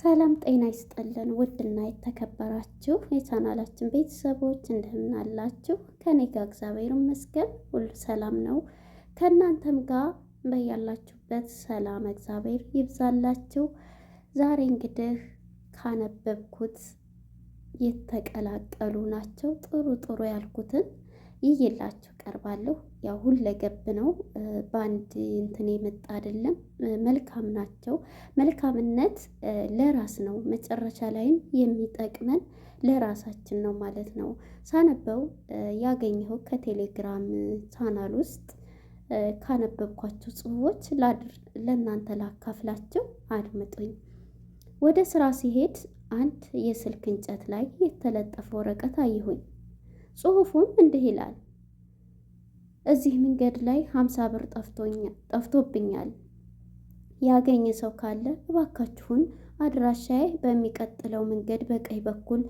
ሰላም ጤና ይስጠልን። ውድና የተከበራችሁ የቻናላችን ቤተሰቦች እንደምን አላችሁ? ከኔ ጋር እግዚአብሔር ይመስገን ሁሉ ሰላም ነው። ከእናንተም ጋር በያላችሁበት ሰላም እግዚአብሔር ይብዛላችሁ። ዛሬ እንግዲህ ካነበብኩት የተቀላቀሉ ናቸው ጥሩ ጥሩ ያልኩትን ይዤላችሁ ቀርባለሁ። ያው ሁለገብ ነው፣ በአንድ እንትን የመጣ አይደለም። መልካም ናቸው። መልካምነት ለራስ ነው፣ መጨረሻ ላይም የሚጠቅመን ለራሳችን ነው ማለት ነው። ሳነበው ያገኘው ከቴሌግራም ቻናል ውስጥ ካነበብኳቸው ጽሁፎች ለእናንተ ላካፍላችሁ፣ አድምጡኝ። ወደ ስራ ሲሄድ አንድ የስልክ እንጨት ላይ የተለጠፈ ወረቀት አየሁኝ። ጽሑፉም እንዲህ ይላል። እዚህ መንገድ ላይ ሀምሳ ብር ጠፍቶብኛል። ያገኘ ሰው ካለ እባካችሁን አድራሻዬ በሚቀጥለው መንገድ በቀኝ በኩል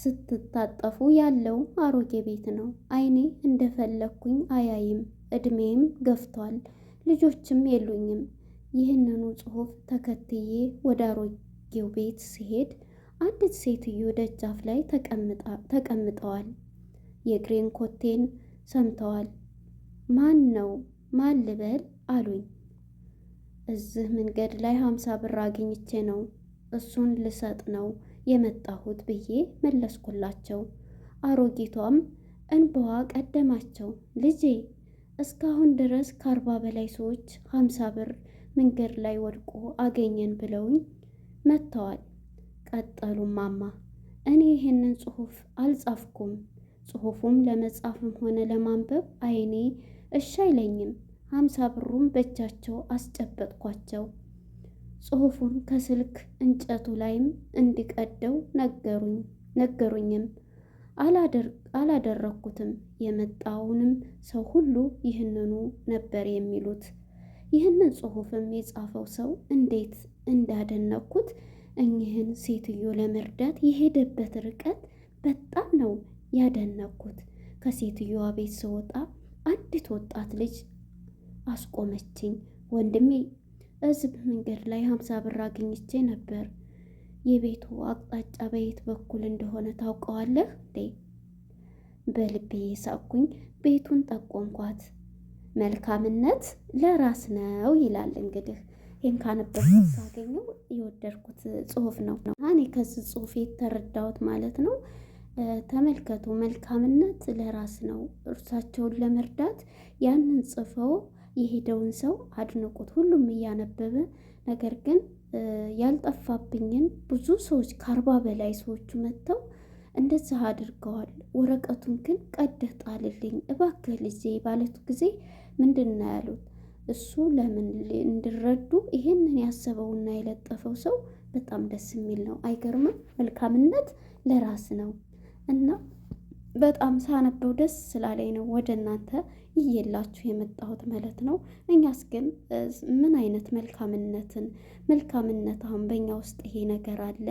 ስትታጠፉ ያለው አሮጌ ቤት ነው። አይኔ እንደፈለግኩኝ አያይም። እድሜም ገፍቷል፣ ልጆችም የሉኝም። ይህንኑ ጽሑፍ ተከትዬ ወደ አሮጌው ቤት ሲሄድ አንዲት ሴትዮ ደጃፍ ላይ ተቀምጠዋል። የእግሬን ኮቴን ሰምተዋል። ማን ነው ማን ልበል አሉኝ። እዚህ መንገድ ላይ ሀምሳ ብር አግኝቼ ነው እሱን ልሰጥ ነው የመጣሁት ብዬ መለስኩላቸው። አሮጊቷም እንባዋ ቀደማቸው። ልጄ እስካሁን ድረስ ከአርባ በላይ ሰዎች ሀምሳ ብር መንገድ ላይ ወድቆ አገኘን ብለውኝ መጥተዋል። ቀጠሉ ማማ፣ እኔ ይህንን ጽሑፍ አልጻፍኩም ጽሑፉም ለመጻፍም ሆነ ለማንበብ አይኔ እሺ አይለኝም። ሀምሳ ብሩም በእጃቸው አስጨበጥኳቸው። ጽሑፉን ከስልክ እንጨቱ ላይም እንዲቀደው ነገሩኝ ነገሩኝም አላደረኩትም። የመጣውንም ሰው ሁሉ ይህንኑ ነበር የሚሉት። ይህንን ጽሑፍም የጻፈው ሰው እንዴት እንዳደነቅኩት እኚህን ሴትዮ ለመርዳት የሄደበት ርቀት በጣም ነው ያደነኩት። ከሴትዮዋ ቤት ስወጣ አንዲት ወጣት ልጅ አስቆመችኝ። ወንድሜ እዚህ መንገድ ላይ ሀምሳ ብር አግኝቼ ነበር። የቤቱ አቅጣጫ በየት በኩል እንደሆነ ታውቀዋለህ እንዴ? በልቤ ሳኩኝ። ቤቱን ጠቆምኳት። መልካምነት ለራስ ነው ይላል እንግዲህ ይህን ሳገኘው የወደድኩት ጽሁፍ ነው። እኔ ከዚህ ጽሁፍ የተረዳሁት ማለት ነው ተመልከቱ። መልካምነት ለራስ ነው። እርሳቸውን ለመርዳት ያንን ጽፈው የሄደውን ሰው አድንቁት። ሁሉም እያነበበ ነገር ግን ያልጠፋብኝን ብዙ ሰዎች ከአርባ በላይ ሰዎቹ መጥተው እንደዚህ አድርገዋል። ወረቀቱን ግን ቀደህ ጣልልኝ እባክህ ልጄ ባለቱ ጊዜ ምንድን ነው ያሉት? እሱ ለምን እንዲረዱ ይሄንን ያሰበውና የለጠፈው ሰው በጣም ደስ የሚል ነው። አይገርምም? መልካምነት ለራስ ነው። እና በጣም ሳነበው ደስ ስላለኝ ነው ወደ እናንተ እየላችሁ የመጣሁት ማለት ነው። እኛስ ግን ምን አይነት መልካምነትን መልካምነት አሁን በእኛ ውስጥ ይሄ ነገር አለ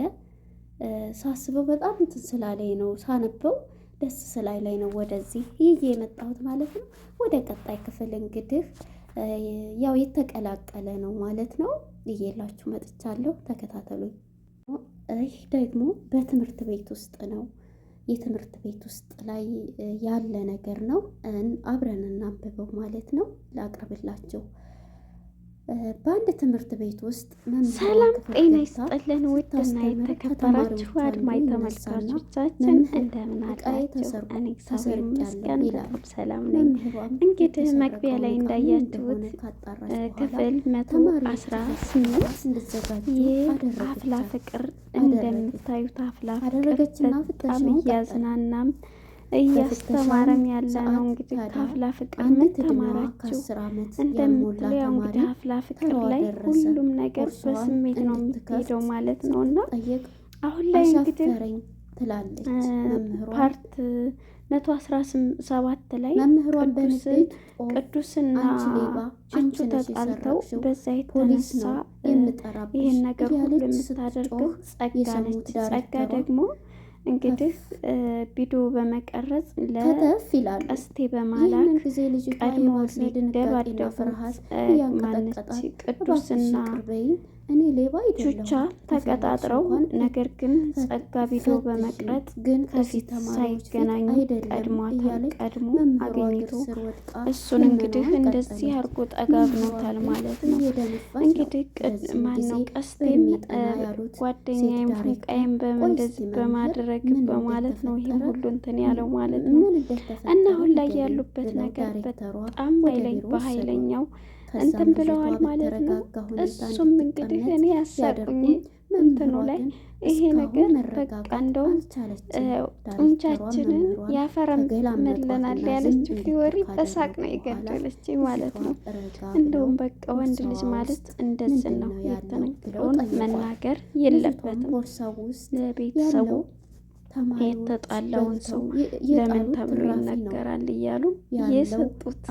ሳስበው በጣም እንትን ስላለኝ ነው ሳነበው ደስ ስላለኝ ነው ወደዚህ ይዤ የመጣሁት ማለት ነው። ወደ ቀጣይ ክፍል እንግዲህ ያው የተቀላቀለ ነው ማለት ነው እየላችሁ መጥቻለሁ። ተከታተሉኝ። ይህ ደግሞ በትምህርት ቤት ውስጥ ነው የትምህርት ቤት ውስጥ ላይ ያለ ነገር ነው። አብረን እናንብበው ማለት ነው ለአቅርብላቸው። በአንድ ትምህርት ቤት ውስጥ ሰላም ጤና ይስጥልን። ውድና የተከበራችሁ አድማጭ ተመልካቾቻችን እንደምን አላችሁ? እኔ እግዚአብሔር ይመስገን በጣም ሰላም ነኝ። እንግዲህ መግቢያ ላይ እንዳያችሁት ክፍል መቶ አስራ ስምንት የአፍላ ፍቅር እንደምታዩት አፍላ ፍቅር በጣም እያዝናናም እያስተማረም ያለ ነው። እንግዲህ ከአፍላ ፍቅር ምን የምንተማራቸው እንደምትለው ያው እንግዲህ አፍላ ፍቅር ላይ ሁሉም ነገር በስሜት ነው የምትሄደው ማለት ነው እና አሁን ላይ እንግዲህ ፓርት መቶ አስራ ሰባት ላይ ቅዱስን ቅዱስና አንቺ ተጣልተው በዛ የተነሳ ይህን ነገር ሁሉ የምታደርገው ጸጋ ነች። ጸጋ ደግሞ እንግዲህ ቪዲዮ በመቀረጽ ለተፍ ይላል ቀስቴ በማላክ ጊዜ ልጅ ቀድሞ ደባደቡ ቅዱስና እኔ ሌባ ቹቻ ተቀጣጥረው ነገር ግን ጸጋ ቪዲዮ በመቅረጥ ግን ከፊት ሳይገናኙ ቀድሟታል። ቀድሞ አገኝቶ እሱን እንግዲህ እንደዚህ አርጎ ጠጋግኖታል ማለት ነው። እንግዲህ ማነው ቀስቴን ጓደኛዬም ፍቃዬም እንደዚህ በማድረግ በማለት ነው ይህም ሁሉ እንትን ያለው ማለት ነው። እና አሁን ላይ ያሉበት ነገር በጣም ኃይለኛ በኃይለኛው እንትን ብለዋል ማለት ነው። እሱም እንግዲህ እኔ ያሳቁኝ እንትኑ ላይ ይሄ ነገር በቃ እንደውም ጡንቻችንን ያፈረም መለናል ያለች ፊወሪ በሳቅ ነው የገደለች ማለት ነው። እንደውም በቃ ወንድ ልጅ ማለት እንደዚህ ነው። የተነገረውን መናገር የለበትም ለቤተሰቡ የተጣላውን ሰው ለምን ተብሎ ይነገራል እያሉ የሰጡት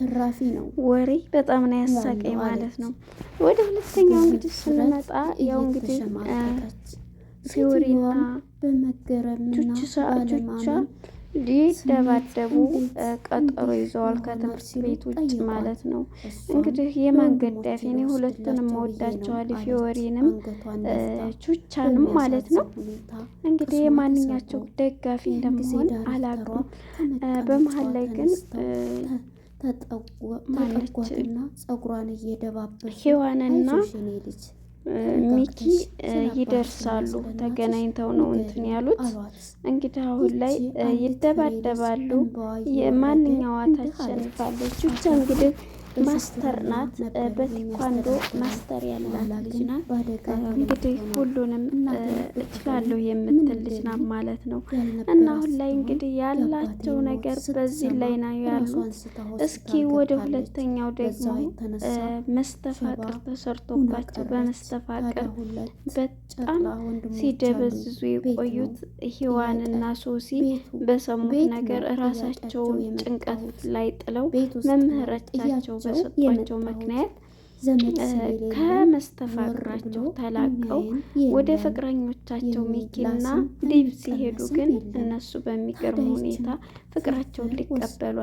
ትራፊ ነው ወሬ በጣም ነው ያሳቀኝ ማለት ነው። ወደ ሁለተኛው እንግዲህ ስንመጣ ያው እንግዲህ ሲወሪና ቹቻ ሊደባደቡ ቀጠሮ ይዘዋል። ከትምህርት ቤት ውጭ ማለት ነው። እንግዲህ የማንገዳፊ እኔ ሁለቱንም መወዳቸዋል። ፊዮሪንም ቹቻንም ማለት ነው። እንግዲህ የማንኛቸው ደጋፊ እንደምሆን አላውቅም። በመሀል ላይ ግን ማለች ሔዋንና ሚኪ ይደርሳሉ። ተገናኝተው ነው እንትን ያሉት። እንግዲህ አሁን ላይ ይደባደባሉ። የማንኛዋታችን ታሸንፋለች ብቻ እንግዲህ ማስተር ናት። በቴኳንዶ ማስተር ያላት ልጅ ናት። እንግዲህ ሁሉንም እችላለሁ የምትል ልጅ ናት ማለት ነው። እና አሁን ላይ እንግዲህ ያላቸው ነገር በዚህ ላይ ነው ያሉት። እስኪ ወደ ሁለተኛው ደግሞ መስተፋቅር ተሰርቶባቸው በመስተፋቅር በጣም ሲደበዝዙ የቆዩት ሔዋንና ሶሲ በሰሙት ነገር እራሳቸውን ጭንቀት ላይ ጥለው መምህረቻቸው በሰጧቸው ምክንያት ከመስተፋቅራቸው ተላቀው ወደ ፍቅረኞቻቸው ሚኪና ዴቭ ሲሄዱ ግን እነሱ በሚገርም ሁኔታ ፍቅራቸውን ሊቀበሉ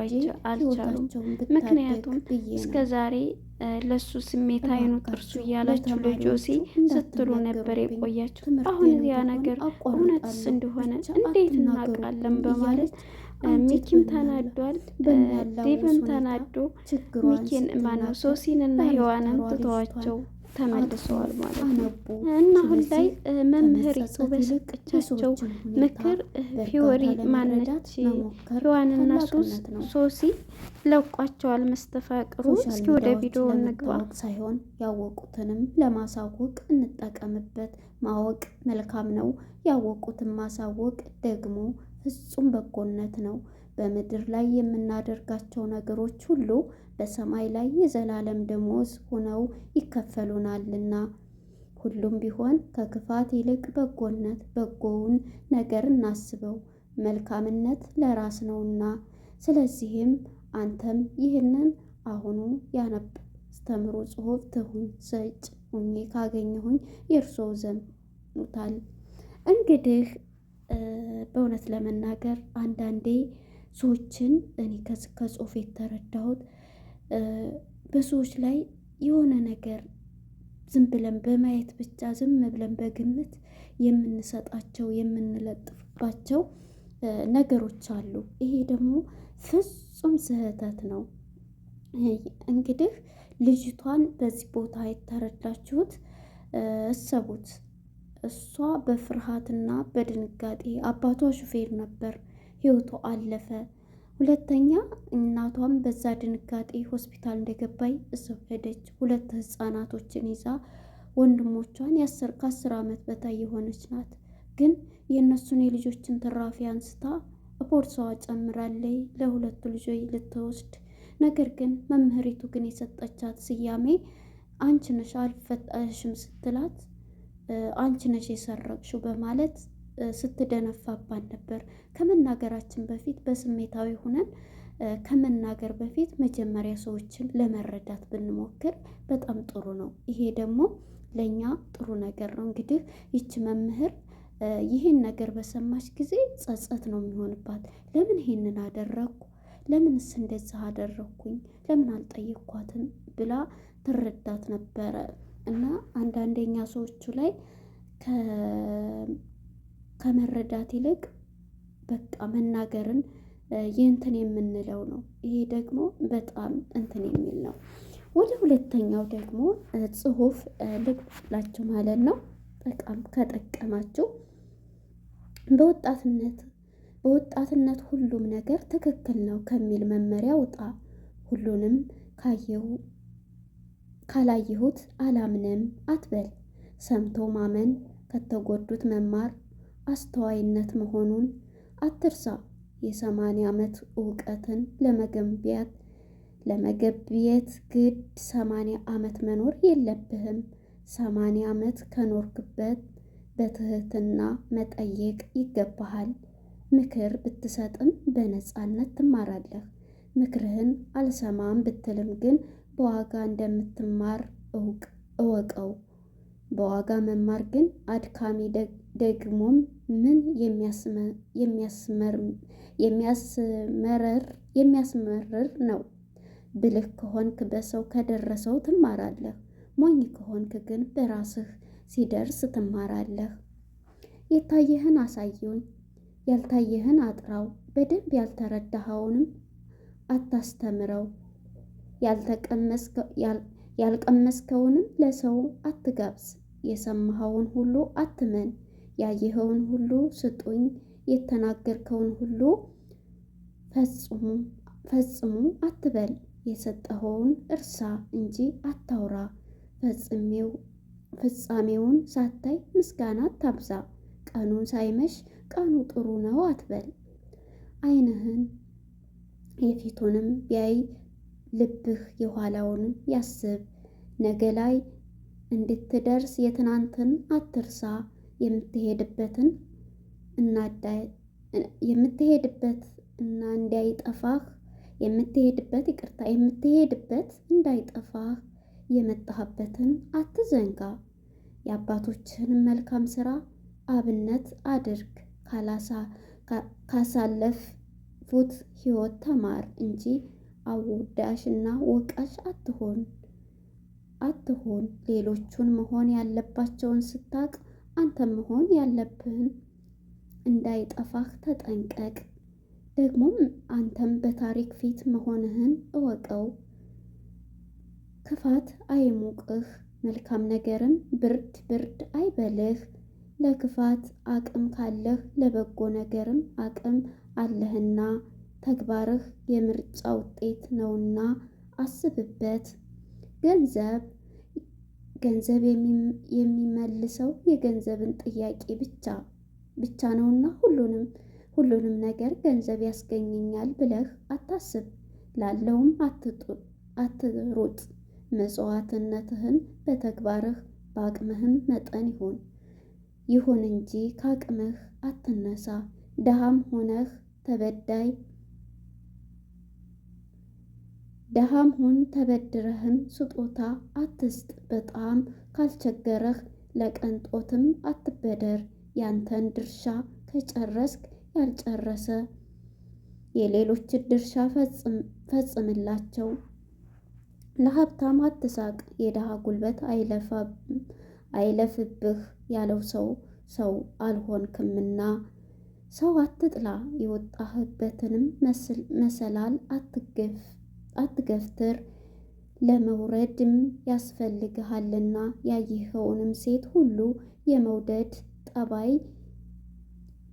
አልቻሉም። ምክንያቱም እስከ ዛሬ ለሱ ስሜት አይኑ ጥርሱ እያላችሁ ለጆሲ ስትሉ ነበር የቆያችሁ። አሁን ያ ነገር እውነትስ እንደሆነ እንዴት እናውቃለን በማለት ሚኪም ተናዷል። ዴቭም ተናዶ ሚኪን ማነው እና ህዋንን ትተዋቸው ተመልሰዋል ማለት ነው። እና አሁን ላይ መምህሪቱ በሰጠቻቸው ምክር ፊዮሪ ማነች ህዋንና ሱስ ሶሲ ለቋቸዋል መስተፋቅሩ። እስኪ ወደ ቪዲዮ እንግባ። ሳይሆን ያወቁትንም ለማሳወቅ እንጠቀምበት። ማወቅ መልካም ነው፣ ያወቁትን ማሳወቅ ደግሞ ፍጹም በጎነት ነው። በምድር ላይ የምናደርጋቸው ነገሮች ሁሉ በሰማይ ላይ የዘላለም ደሞዝ ሆነው ይከፈሉናልና። ሁሉም ቢሆን ከክፋት ይልቅ በጎነት፣ በጎውን ነገር እናስበው፣ መልካምነት ለራስ ነውና። ስለዚህም አንተም ይህንን አሁኑ ያነብ አስተምሮ ጽሑፍ ትሁን ሰጭ ሁኜ ካገኘሁኝ የእርስዎ ዘንድ እንግዲህ በእውነት ለመናገር አንዳንዴ ሰዎችን እኔ ከጽሁፍ የተረዳሁት በሰዎች ላይ የሆነ ነገር ዝም ብለን በማየት ብቻ ዝም ብለን በግምት የምንሰጣቸው የምንለጥፍባቸው ነገሮች አሉ። ይሄ ደግሞ ፍጹም ስህተት ነው። እንግዲህ ልጅቷን በዚህ ቦታ የተረዳችሁት እሰቡት። እሷ በፍርሃትና በድንጋጤ አባቷ ሹፌር ነበር፣ ህይወቱ አለፈ። ሁለተኛ እናቷም በዛ ድንጋጤ ሆስፒታል እንደገባይ እዛው ሄደች። ሁለት ህፃናቶችን ይዛ ወንድሞቿን የአስር ከአስር ዓመት በታይ የሆነች ናት። ግን የእነሱን የልጆችን ትራፊ አንስታ ቦርሳዋ ጨምራለይ ለሁለቱ ልጆች ልትወስድ ነገር ግን መምህሪቱ ግን የሰጠቻት ስያሜ አንቺ ነሽ ስትላት አንቺ ነሽ የሰረቅሽው በማለት ስትደነፋባን ነበር። ከመናገራችን በፊት በስሜታዊ ሆነን ከመናገር በፊት መጀመሪያ ሰዎችን ለመረዳት ብንሞክር በጣም ጥሩ ነው። ይሄ ደግሞ ለእኛ ጥሩ ነገር ነው። እንግዲህ ይች መምህር ይህን ነገር በሰማች ጊዜ ጸጸት ነው የሚሆንባት። ለምን ይሄንን አደረግኩ? ለምንስ እንደዛ አደረግኩኝ? ለምን አልጠየኳትም? ብላ ትረዳት ነበረ። እና አንዳንደኛ ሰዎቹ ላይ ከመረዳት ይልቅ በቃ መናገርን ይህንትን የምንለው ነው። ይሄ ደግሞ በጣም እንትን የሚል ነው። ወደ ሁለተኛው ደግሞ ጽሁፍ ልቅላችሁ ማለት ነው። በጣም ከጠቀማችሁ በወጣትነት በወጣትነት ሁሉም ነገር ትክክል ነው ከሚል መመሪያ ውጣ። ሁሉንም ካየው ካላየሁት አላምንም አትበል። ሰምቶ ማመን ከተጎዱት መማር አስተዋይነት መሆኑን አትርሳ። የሰማንያ ዓመት እውቀትን ለመገንቢያት ለመገብየት ግድ ሰማንያ ዓመት መኖር የለብህም። ሰማንያ ዓመት ከኖርክበት በትህትና መጠየቅ ይገባሃል። ምክር ብትሰጥም በነፃነት ትማራለህ። ምክርህን አልሰማም ብትልም ግን በዋጋ እንደምትማር እውቅ እወቀው። በዋጋ መማር ግን አድካሚ ደግሞም ምን የሚያስመርር ነው። ብልህ ከሆንክ በሰው ከደረሰው ትማራለህ። ሞኝ ከሆንክ ግን በራስህ ሲደርስ ትማራለህ። የታየህን አሳየኝ፣ ያልታየህን አጥራው። በደንብ ያልተረዳኸውንም አታስተምረው። ያልቀመስከውንም ለሰው አትጋብዝ። የሰማኸውን ሁሉ አትመን። ያየኸውን ሁሉ ስጡኝ፣ የተናገርከውን ሁሉ ፈጽሙ አትበል። የሰጠኸውን እርሳ እንጂ አታውራ። ፍጻሜውን ሳታይ ምስጋና አታብዛ። ቀኑን ሳይመሽ ቀኑ ጥሩ ነው አትበል። ዓይንህን የፊቱንም ቢያይ ልብህ የኋላውን ያስብ፣ ነገ ላይ እንድትደርስ የትናንትን አትርሳ፣ የምትሄድበትን የምትሄድበት እና እንዳይጠፋህ የምትሄድበት ይቅርታ፣ የምትሄድበት እንዳይጠፋህ የመጣህበትን አትዘንጋ። የአባቶችን መልካም ስራ አብነት አድርግ። ካላሳ ፉት ህይወት ተማር እንጂ አወዳሽ እና ወቃሽ አትሆን አትሆን። ሌሎቹን መሆን ያለባቸውን ስታቅ አንተ መሆን ያለብህን እንዳይጠፋህ ተጠንቀቅ። ደግሞም አንተም በታሪክ ፊት መሆንህን እወቀው። ክፋት አይሙቅህ፣ መልካም ነገርም ብርድ ብርድ አይበልህ። ለክፋት አቅም ካለህ ለበጎ ነገርም አቅም አለህና ተግባርህ የምርጫ ውጤት ነውና አስብበት። ገንዘብ ገንዘብ የሚመልሰው የገንዘብን ጥያቄ ብቻ ብቻ ነውና ሁሉንም ሁሉንም ነገር ገንዘብ ያስገኘኛል ብለህ አታስብ። ላለውም አትሩጥ። መጽዋትነትህን በተግባርህ በአቅምህም መጠን ይሁን ይሁን እንጂ ከአቅምህ አትነሳ። ድሃም ሆነህ ተበዳይ ደሃም ሁን ተበድረህም ስጦታ አትስጥ። በጣም ካልቸገረህ ለቀንጦትም አትበደር። ያንተን ድርሻ ከጨረስክ ያልጨረሰ የሌሎችን ድርሻ ፈጽምላቸው። ለሀብታም አትሳቅ፣ የድሃ ጉልበት አይለፍብህ ያለው ሰው ሰው አልሆንክምና። ሰው አትጥላ፣ የወጣህበትንም መሰላል አትገፍ። አትገፍትር፣ ለመውረድም ያስፈልግሃልና ያየኸውንም ሴት ሁሉ የመውደድ ጠባይ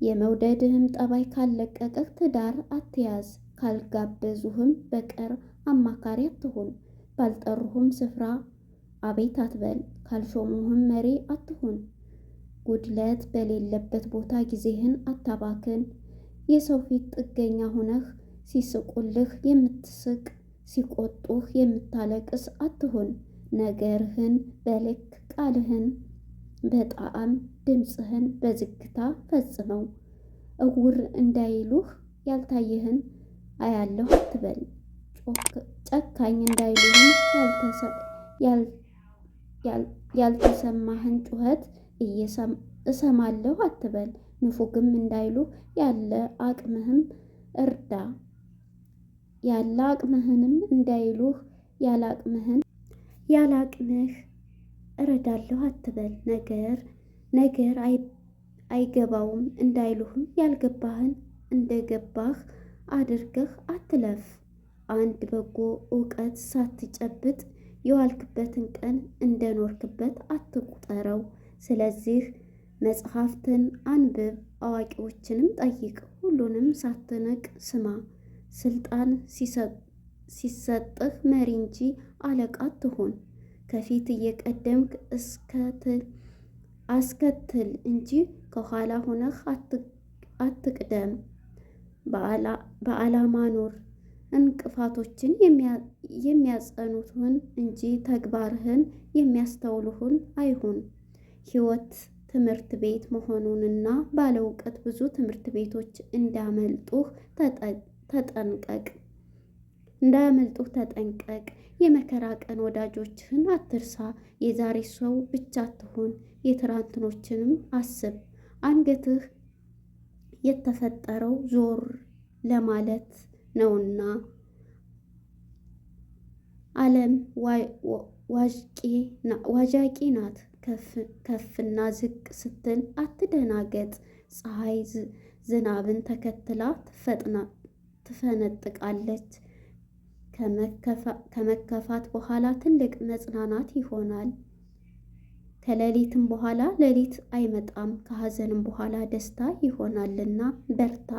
የመውደድህም ጠባይ ካለቀቀህ ትዳር አትያዝ፣ ካልጋበዙህም በቀር አማካሪ አትሁን፣ ባልጠሩህም ስፍራ አቤት አትበል፣ ካልሾሙህም መሪ አትሁን። ጉድለት በሌለበት ቦታ ጊዜህን አታባክን። የሰው ፊት ጥገኛ ሆነህ ሲስቁልህ የምትስቅ ሲቆጡህ የምታለቅስ አትሁን። ነገርህን በልክ ቃልህን በጣዕም ድምፅህን በዝግታ ፈጽመው። እውር እንዳይሉህ ያልታየህን አያለሁ አትበል። ጨካኝ እንዳይሉህን ያልተሰማህን ጩኸት እሰማለሁ አትበል። ንፉግም እንዳይሉህ ያለ አቅምህም እርዳ። ያለ አቅምህንም እንዳይሉህ ያለ አቅምህን ያለ አቅምህ እረዳለሁ አትበል። ነገር ነገር አይገባውም እንዳይሉህም ያልገባህን እንደገባህ አድርገህ አትለፍ። አንድ በጎ እውቀት ሳትጨብጥ የዋልክበትን ቀን እንደኖርክበት አትቁጠረው። ስለዚህ መጽሐፍትን አንብብ፣ አዋቂዎችንም ጠይቅ፣ ሁሉንም ሳትንቅ ስማ። ስልጣን ሲሰጥህ መሪ እንጂ አለቃ አትሆን። ከፊት እየቀደምክ አስከትል እንጂ ከኋላ ሆነህ አትቅደም። በዓላማ ኖር። እንቅፋቶችን የሚያጸኑትን እንጂ ተግባርህን የሚያስተውልህን አይሁን። ሕይወት ትምህርት ቤት መሆኑንና ባለ እውቀት ብዙ ትምህርት ቤቶች እንዳመልጡህ ተጠቅ ተጠንቀቅ፣ እንዳያመልጡህ ተጠንቀቅ። የመከራ ቀን ወዳጆችህን አትርሳ። የዛሬ ሰው ብቻ አትሆን፣ የትራንትኖችንም አስብ። አንገትህ የተፈጠረው ዞር ለማለት ነውና ዓለም ዋዣቂ ናት። ከፍና ዝቅ ስትል አትደናገጥ። ፀሐይ ዝናብን ተከትላ ትፈጥናል። ትፈነጥቃለች። ከመከፋት በኋላ ትልቅ መጽናናት ይሆናል። ከሌሊትም በኋላ ሌሊት አይመጣም፣ ከሐዘንም በኋላ ደስታ ይሆናልና በርታ።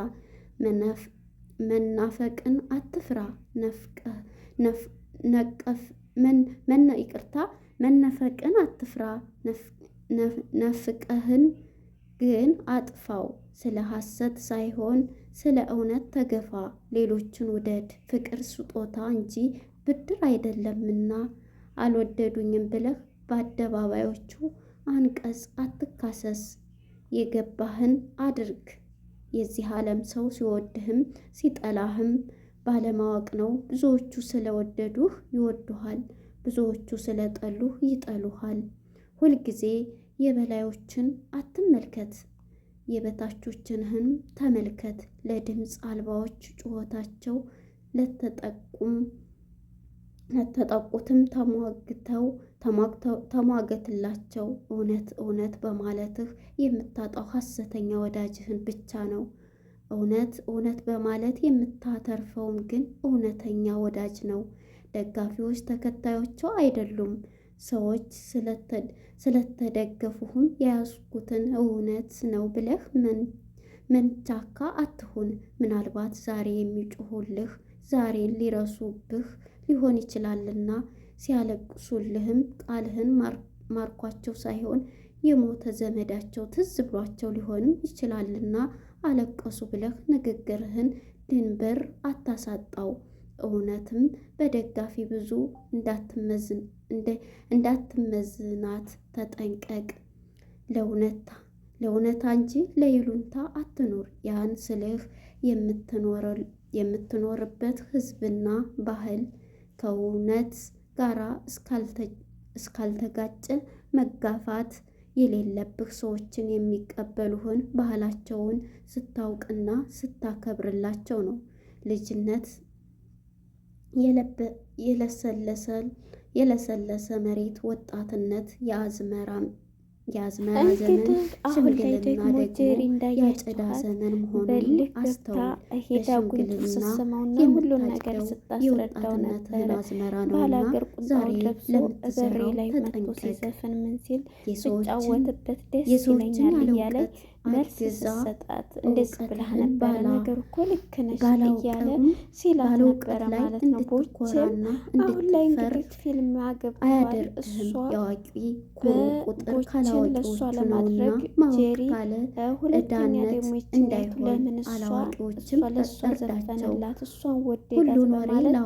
መናፈቅን አትፍራ። ነቀፍ መና ይቅርታ፣ መነፈቅን አትፍራ። ነፍቀህን ግን አጥፋው። ስለ ሐሰት ሳይሆን ስለ እውነት ተገፋ። ሌሎችን ውደድ፣ ፍቅር ስጦታ እንጂ ብድር አይደለምና። አልወደዱኝም ብለህ በአደባባዮቹ አንቀጽ አትካሰስ። የገባህን አድርግ። የዚህ ዓለም ሰው ሲወድህም ሲጠላህም ባለማወቅ ነው። ብዙዎቹ ስለወደዱህ ይወዱሃል፣ ብዙዎቹ ስለጠሉህ ይጠሉሃል። ሁልጊዜ የበላዮችን አትመልከት የበታቾችንህም ተመልከት። ለድምፅ አልባዎች ጩኸታቸው ለተጠቁም ለተጠቁትም ተሟግተው ተሟገትላቸው። እውነት እውነት በማለትህ የምታጣው ሐሰተኛ ወዳጅህን ብቻ ነው። እውነት እውነት በማለት የምታተርፈውም ግን እውነተኛ ወዳጅ ነው። ደጋፊዎች ተከታዮቸው አይደሉም። ሰዎች ስለተደገፉሁም የያዝኩትን እውነት ነው ብለህ መንቻካ አትሁን። ምናልባት ዛሬ የሚጮሁልህ ዛሬን ሊረሱብህ ሊሆን ይችላልና ሲያለቅሱልህም ቃልህን ማርኳቸው ሳይሆን የሞተ ዘመዳቸው ትዝ ብሏቸው ሊሆንም ይችላልና አለቀሱ ብለህ ንግግርህን ድንበር አታሳጣው። እውነትም በደጋፊ ብዙ እንዳትመዝን እንዳትመዝናት ተጠንቀቅ። ለእውነታ ለእውነታ እንጂ ለይሉንታ አትኖር። ያን ስልህ የምትኖርበት ህዝብና ባህል ከእውነት ጋራ እስካልተጋጨ መጋፋት የሌለብህ ሰዎችን የሚቀበሉህን ባህላቸውን ስታውቅና ስታከብርላቸው ነው። ልጅነት የለሰለሰል የለሰለሰ መሬት፣ ወጣትነት፣ የአዝመራ የአዝመራ ዘመን፣ ሽምግልና ደግሞ የአጨዳ ዘመን መሆኑን አስተውል። በሽምግልና የምታጭደው የወጣትነትህን አዝመራ ነውና ዛሬ ለምትዘራው ተጠንቀቅ። የሰዎችን ያለ እውቀት መልስ ሰጣት። እንደዚህ ብላህ ነበር። ነገር እኮ ልክ ነሽ እያለ ሲላት ነበረ ማለት ነው። ቦቼም አሁን ላይ እንግዲህ ፊልም አገብተዋል። እሷ ያዋቂ ቦቼን ለእሷ ለማድረግ ጄሪ ሁለተኛ ደግሞ ይችላል። ለምን እሷ እሷ ለእሷ ዘፈነላት እሷን ወደዳት በማለት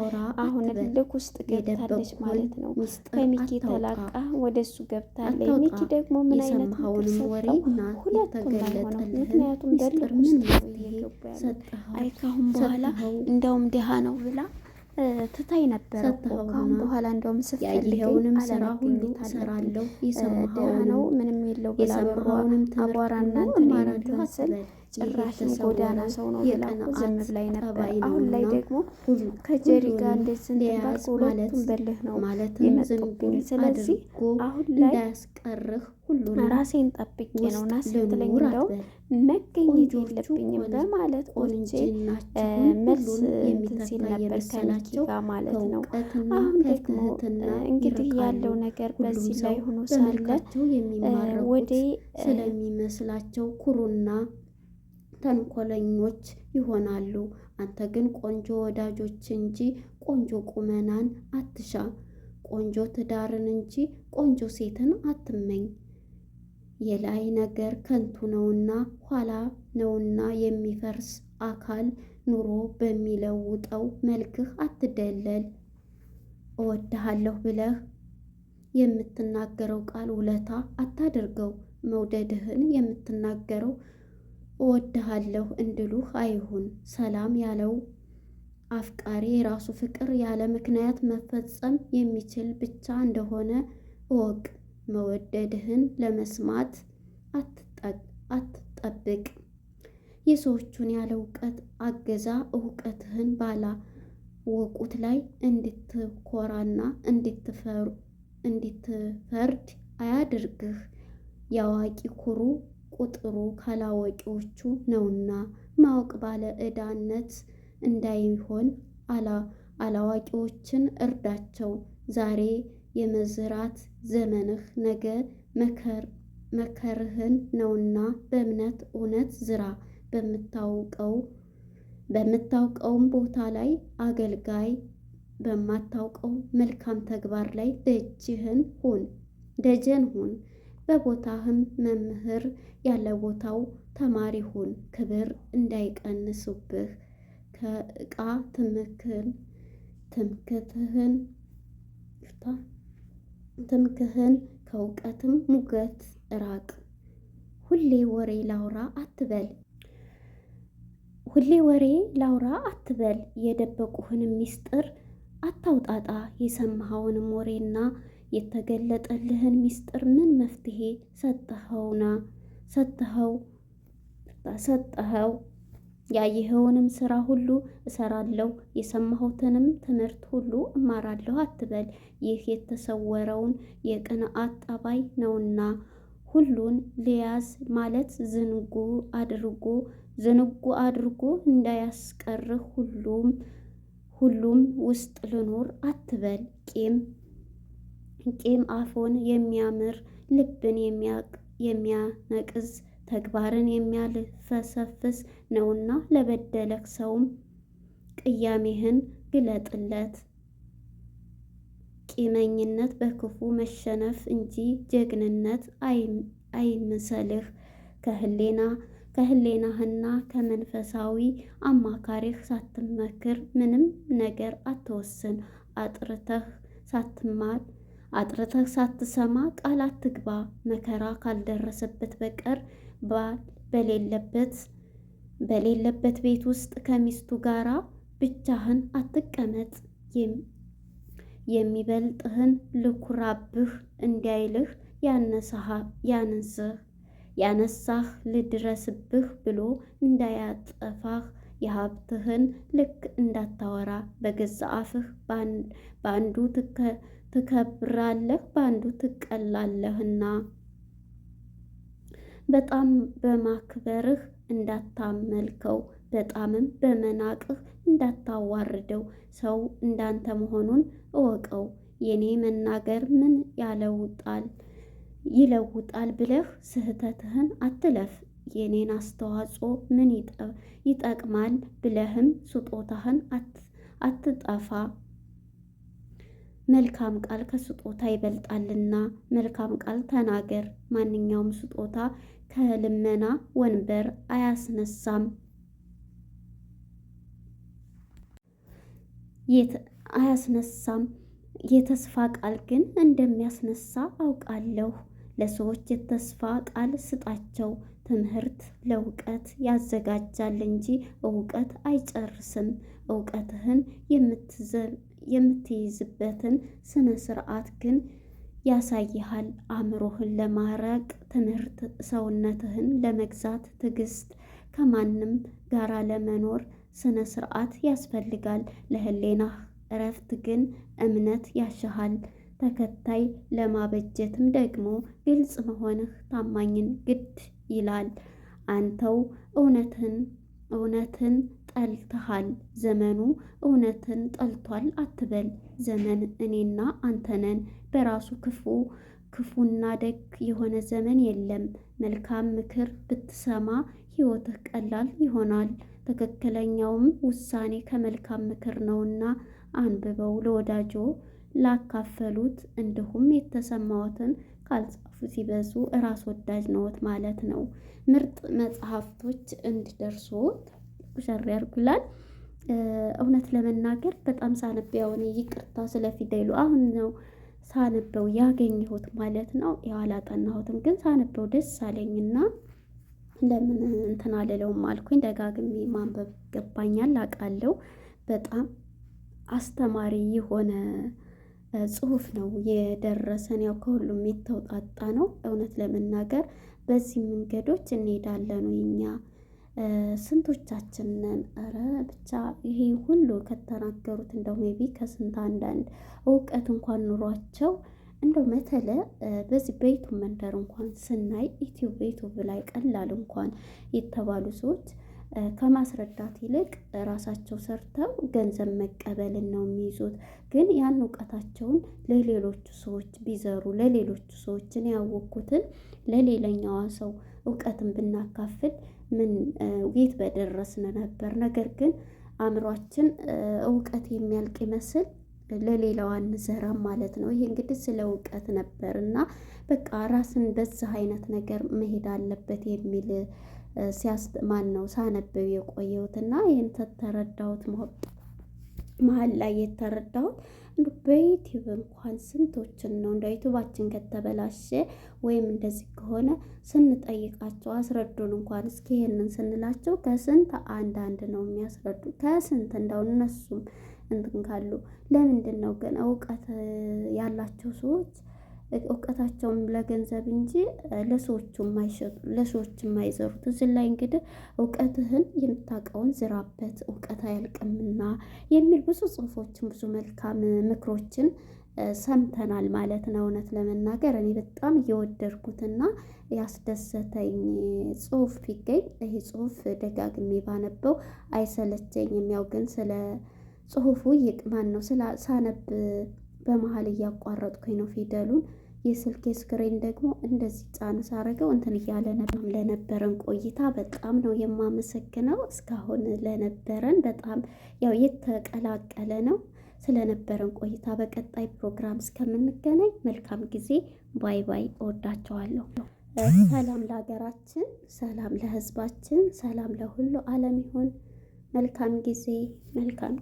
እልክ ውስጥ ገብታለች ማለት ነው። ከሚኪ ተላቃ ወደ እሱ ገብታለች። ሚኪ ደግሞ ምን አይነት ምክር ሁለቱም ባይሆነው፣ ምክንያቱም እልክ ውስጥ እየገቡ ያሉት አይ ካሁን በኋላ እንደውም ድሃ ነው ብላ ትታይ ነበረ እኮ ካሁን በኋላ እንደውም ሁሉ ሰራለሁ ድሃ ነው ምንም የለው ብላ አቧራና እንትን ትመስል ጭራሽን ጎዳና ሰው ነው ብላ ዝም ላይ ነበር። አሁን ላይ ደግሞ ከጀሪ ጋር እንደዚህ ስንትባት ሁለቱም በልህ ነው የመጡብኝ። ስለዚህ አሁን ላይ እንዳያስቀርህ ሁሉ ራሴን ጠብቄ ነው ና ስትለኝ እንደው መገኘት የለብኝም በማለት ቆንቼ መልስ እንትን ሲል ነበር ከሚኪ ጋር ማለት ነው። አሁን ደግሞ እንግዲህ ያለው ነገር በዚህ ላይ ሆኖ ሳለ ወደ ስለሚመስላቸው ኩሩና ተንኮለኞች ይሆናሉ። አንተ ግን ቆንጆ ወዳጆች እንጂ ቆንጆ ቁመናን አትሻ፣ ቆንጆ ትዳርን እንጂ ቆንጆ ሴትን አትመኝ። የላይ ነገር ከንቱ ነውና ኋላ ነውና የሚፈርስ አካል ኑሮ በሚለውጠው መልክህ አትደለል። እወድሃለሁ ብለህ የምትናገረው ቃል ውለታ አታድርገው። መውደድህን የምትናገረው እወድሃለሁ እንድሉህ አይሁን። ሰላም ያለው አፍቃሪ የራሱ ፍቅር ያለ ምክንያት መፈጸም የሚችል ብቻ እንደሆነ እወቅ። መወደድህን ለመስማት አትጠብቅ። የሰዎቹን ያለ እውቀት አገዛ እውቀትህን ባላወቁት ላይ እንድትኮራና እንድትፈርድ አያድርግህ። የአዋቂ ኩሩ ቁጥሩ ካላወቂዎቹ ነውና ማወቅ ባለ ዕዳነት እንዳይሆን አላዋቂዎችን እርዳቸው። ዛሬ የመዝራት ዘመንህ ነገ መከርህን ነውና በእምነት እውነት ዝራ። በምታውቀውም ቦታ ላይ አገልጋይ፣ በማታውቀው መልካም ተግባር ላይ ደጀን ሁን። በቦታህም መምህር ያለ ቦታው ተማሪ ሁን፣ ክብር እንዳይቀንሱብህ ከእቃ ትምክህን ትምክህን ከእውቀትም ሙገት ራቅ። ሁሌ ወሬ ላውራ አትበል ሁሌ ወሬ ላውራ አትበል። የደበቁህን ሚስጥር አታውጣጣ። የሰማኸውንም ወሬና የተገለጠልህን ምስጢር ምን መፍትሄ ሰጠኸውና ሰጠኸው ሰጠኸው ያየኸውንም ስራ ሁሉ እሰራለሁ፣ የሰማሁትንም ትምህርት ሁሉ እማራለሁ አትበል። ይህ የተሰወረውን የቅንዓት ጠባይ ነውና ሁሉን ሊያዝ ማለት ዝንጉ አድርጎ ዝንጉ አድርጎ እንዳያስቀርህ ሁሉም ሁሉም ውስጥ ልኖር አትበል ቂም ቂም አፎን የሚያምር ልብን የሚያነቅዝ ተግባርን የሚያልፈሰፍስ ነውና ለበደለክ ሰውም ቅያሜህን ግለጥለት። ቂመኝነት በክፉ መሸነፍ እንጂ ጀግንነት አይምሰልህ። ከህሌና ከህሌናህና ከመንፈሳዊ አማካሪህ ሳትመክር ምንም ነገር አትወስን። አጥርተህ ሳትማል አጥርተህ ሳትሰማ ቃል አትግባ፣ መከራ ካልደረሰበት በቀር ባል በሌለበት በሌለበት ቤት ውስጥ ከሚስቱ ጋራ ብቻህን አትቀመጥ። የሚበልጥህን ልኩራብህ እንዳይልህ ያነሳህ ልድረስብህ ብሎ እንዳያጠፋህ የሀብትህን ልክ እንዳታወራ በገዛ አፍህ በአንዱ ትከብራለህ፣ በአንዱ ትቀላለህና በጣም በማክበርህ እንዳታመልከው፣ በጣምም በመናቅህ እንዳታዋርደው። ሰው እንዳንተ መሆኑን እወቀው። የኔ መናገር ምን ያለውጣል ይለውጣል ብለህ ስህተትህን አትለፍ። የኔን አስተዋጽኦ ምን ይጠቅማል ብለህም ስጦታህን አትጠፋ። መልካም ቃል ከስጦታ ይበልጣልና መልካም ቃል ተናገር። ማንኛውም ስጦታ ከልመና ወንበር አያስነሳም አያስነሳም። የተስፋ ቃል ግን እንደሚያስነሳ አውቃለሁ። ለሰዎች የተስፋ ቃል ስጣቸው። ትምህርት ለእውቀት ያዘጋጃል እንጂ እውቀት አይጨርስም። እውቀትህን የምትይዝበትን ስነ ስርዓት ግን ያሳይሃል። አእምሮህን ለማረቅ ትምህርት፣ ሰውነትህን ለመግዛት ትዕግስት፣ ከማንም ጋራ ለመኖር ስነ ስርዓት ያስፈልጋል። ለህሌናህ እረፍት ግን እምነት ያሻሃል። ተከታይ ለማበጀትም ደግሞ ግልጽ መሆንህ ታማኝን ግድ ይላል። አንተው እውነትን እውነትን ጠልተሃል። ዘመኑ እውነትን ጠልቷል አትበል። ዘመን እኔና አንተነን በራሱ ክፉ ክፉና ደግ የሆነ ዘመን የለም። መልካም ምክር ብትሰማ ሕይወትህ ቀላል ይሆናል። ትክክለኛውም ውሳኔ ከመልካም ምክር ነውና አንብበው ለወዳጆ ላካፈሉት እንዲሁም የተሰማዎትን ካልጻፉ ሲበዙ ራስ ወዳጅ ነዎት ማለት ነው። ምርጥ መጽሐፍቶች እንዲደርሶት ኩሸር ያርጉላል። እውነት ለመናገር በጣም ሳነብ ያውን ይቅርታ ስለ ፊደሉ አሁን ነው ሳነበው ያገኘሁት ማለት ነው። ያው አላጠናሁትም፣ ግን ሳነበው ደስ አለኝና ለምን እንትን አልለውም አልኩኝ። ደጋግሜ ማንበብ ይገባኛል አውቃለሁ። በጣም አስተማሪ የሆነ ጽሁፍ ነው የደረሰን። ያው ከሁሉም የተውጣጣ ነው። እውነት ለመናገር በዚህ መንገዶች እንሄዳለን እኛ ስንቶቻችን ነን? ኧረ ብቻ ይሄ ሁሉ ከተናገሩት እንደው ሜቢ ከስንት አንዳንድ እውቀት እንኳን ኑሯቸው እንደው መተለ በዚህ በዩቱብ መንደር እንኳን ስናይ ኢትዮ በዩቱብ ላይ ቀላል እንኳን የተባሉ ሰዎች ከማስረዳት ይልቅ ራሳቸው ሰርተው ገንዘብ መቀበልን ነው የሚይዙት። ግን ያን እውቀታቸውን ለሌሎቹ ሰዎች ቢዘሩ ለሌሎቹ ሰዎችን ያወቅኩትን ለሌላኛዋ ሰው እውቀትን ብናካፍል ምን የት በደረስን ነበር። ነገር ግን አእምሯችን እውቀት የሚያልቅ ይመስል ለሌላዋ አንዘራም ማለት ነው። ይሄ እንግዲህ ስለ እውቀት ነበር እና በቃ ራስን በዚህ አይነት ነገር መሄድ አለበት የሚል ሲያስ ማን ነው ሳነብብ የቆየሁትና ይህን ተተረዳሁት መሀል ላይ የተረዳሁት እንዱ በዩቲዩብ እንኳን ስንቶችን ነው እንደ ዩቱባችን ከተበላሸ ወይም እንደዚህ ከሆነ ስንጠይቃቸው አስረዱን እንኳን እስኪ ይሄንን ስንላቸው ከስንት አንድ አንድ ነው የሚያስረዱ ከስንት እንደው እነሱም እንትን ካሉ ለምንድን ነው ግን እውቀት ያላቸው ሰዎች እውቀታቸውም ለገንዘብ እንጂ ለሰዎቹ የማይሸጡ ለሰዎች የማይዘሩት። እዚህ ላይ እንግዲህ እውቀትህን የምታውቀውን ዝራበት እውቀት አያልቅምና የሚል ብዙ ጽሁፎችን ብዙ መልካም ምክሮችን ሰምተናል ማለት ነው። እውነት ለመናገር እኔ በጣም እየወደድኩትና ያስደሰተኝ ጽሁፍ ቢገኝ ይህ ጽሁፍ ደጋግሜ ባነበው አይሰለቸኝም። ያው ግን ስለ ጽሁፉ ይቅማን ነው ሳነብ በመሀል እያቋረጥኩኝ ነው ፊደሉን የስልክ ስክሪን ደግሞ እንደዚህ ጫን ሳረገው እንትን እያለ ለነበረን ቆይታ በጣም ነው የማመሰግነው። እስካሁን ለነበረን በጣም ያው የተቀላቀለ ነው ስለነበረን ቆይታ። በቀጣይ ፕሮግራም እስከምንገናኝ መልካም ጊዜ። ባይ ባይ። እወዳቸዋለሁ። ሰላም ለሀገራችን፣ ሰላም ለህዝባችን ሰላም ለሁሉ ዓለም ይሁን። መልካም ጊዜ መልካም